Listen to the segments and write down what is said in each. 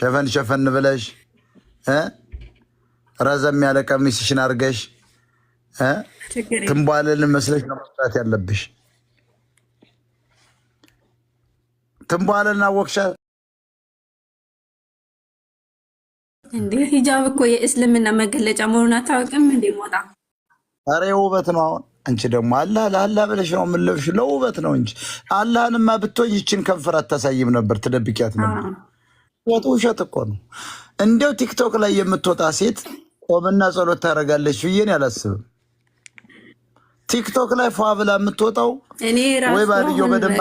ሸፈን ሸፈን ብለሽ ረዘም ያለ ቀሚስሽን አድርገሽ ትንቧልልን መስለሽ ነው መስራት ያለብሽ። ትንቧልልን አወቅሻት እንዴ? ሂጃብ እኮ የእስልምና መገለጫ መሆኑን አታውቅም እንዴ? ሞጣ ኧረ ውበት ነው አሁን አንቺ ደግሞ አላህ ለአላህ ብለሽ ነው የምለብሽ፣ ለውበት ነው እንጂ አላህንማ ብትሆኝ ይችን ከንፈር አታሳይም ነበር፣ ትደብቂያት ወጡ። ውሸት እኮ ነው። እንደው ቲክቶክ ላይ የምትወጣ ሴት ቆምና ጸሎት ታደርጋለች ብዬን አላስብም። ቲክቶክ ላይ ፏ ብላ የምትወጣው ወይ ባልዮ በደንብ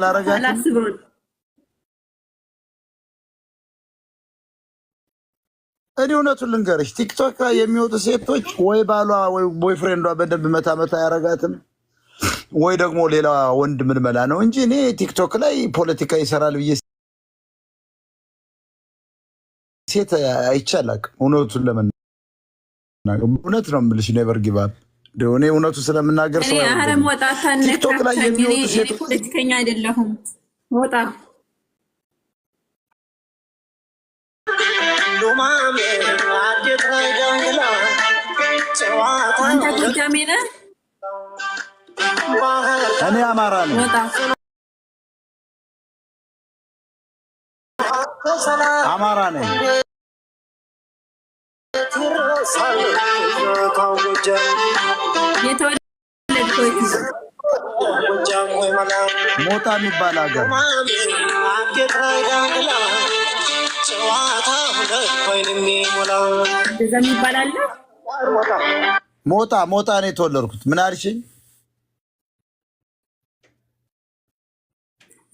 አላረጋችም እኔ እውነቱን ልንገርሽ፣ ቲክቶክ ላይ የሚወጡ ሴቶች ወይ ባሏ ወይ ቦይፍሬንዷ በደንብ መታ መታ አያረጋትም ወይ ደግሞ ሌላ ወንድ ምልመላ ነው እንጂ እኔ ቲክቶክ ላይ ፖለቲካ ይሰራል ብዬ ሴት አይቻላቅ። እውነቱን ለመናገር እውነት ነው የምልሽ፣ ኔቨር ጊቭ እኔ እውነቱ ስለምናገር ሰው ቲክቶክ ላይ የሚወጡ ሴቶች ፖለቲከኛ አይደለሁም ወጣ አንተ እኔ አማራ ነኝ። አማራ ነኝ። ሞጣ የሚባል ሀገር እንደዛ የሚባል ሞጣ ሞጣ ነው የተወለድኩት። ምን አልሽኝ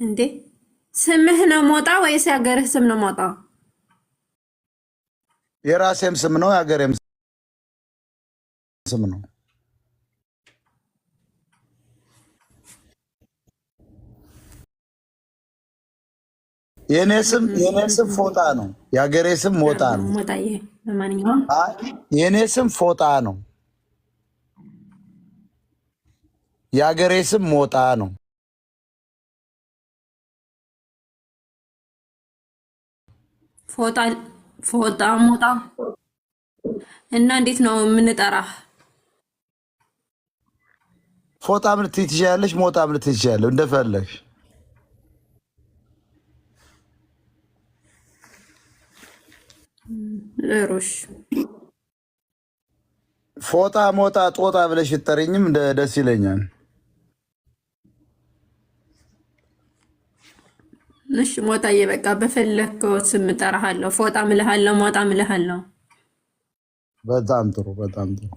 እንዴ? ስምህ ነው ሞጣ ወይስ የሀገርህ ስም ነው ሞጣ? የራሴም ስም ነው የሀገሬም ስም ነው። የኔ ስም የኔ ስም ፎጣ ነው። የሀገሬ ስም ሞጣ ነው። የኔ ስም ፎጣ ነው። የሀገሬ ስም ሞጣ ነው። ፎጣ ሞጣ እና እንዴት ነው የምንጠራ? ፎጣ ምልት ትችያለሽ፣ ሞጣ ምልት ትችያለሽ፣ እንደፈለግሽ ሮሽ ፎጣ ሞጣ ጦጣ ብለሽ ይጠሪኝም ደስ ይለኛል። እሺ ሞጣዬ፣ በቃ በፈለግከው ስም እጠራሃለሁ። ፎጣ ምልሃለሁ፣ ሞጣ ምልሃለሁ። በጣም ጥሩ፣ በጣም ጥሩ።